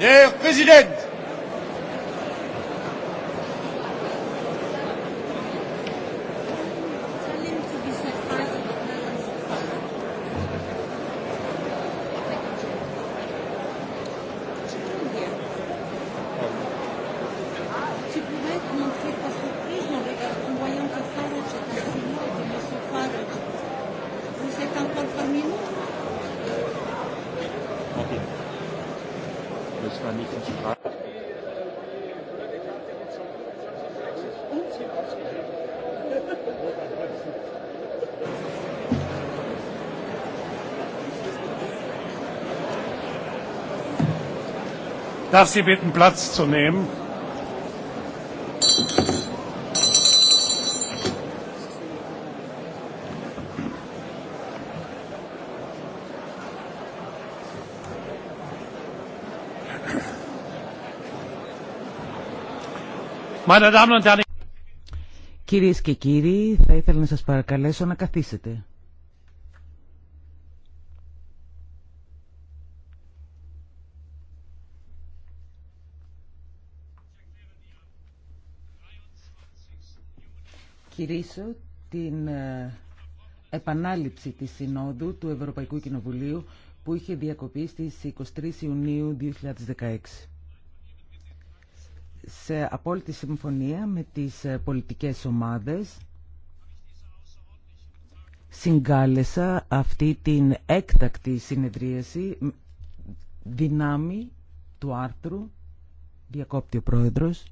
Herr Präsident! das war nicht ins Streit. Darf Sie bitten, Platz zu nehmen? Κυρίε και κύριοι, θα ήθελα να σας παρακαλέσω να καθίσετε. Κυρίσω την ε, επανάληψη της Συνόδου του Ευρωπαϊκού Κοινοβουλίου που είχε διακοπεί στις 23 Ιουνίου 2016 σε απόλυτη συμφωνία με τις ε, πολιτικές ομάδες συγκάλεσα αυτή την έκτακτη συνεδρίαση δυνάμει του άρθρου διακόπτει ο πρόεδρος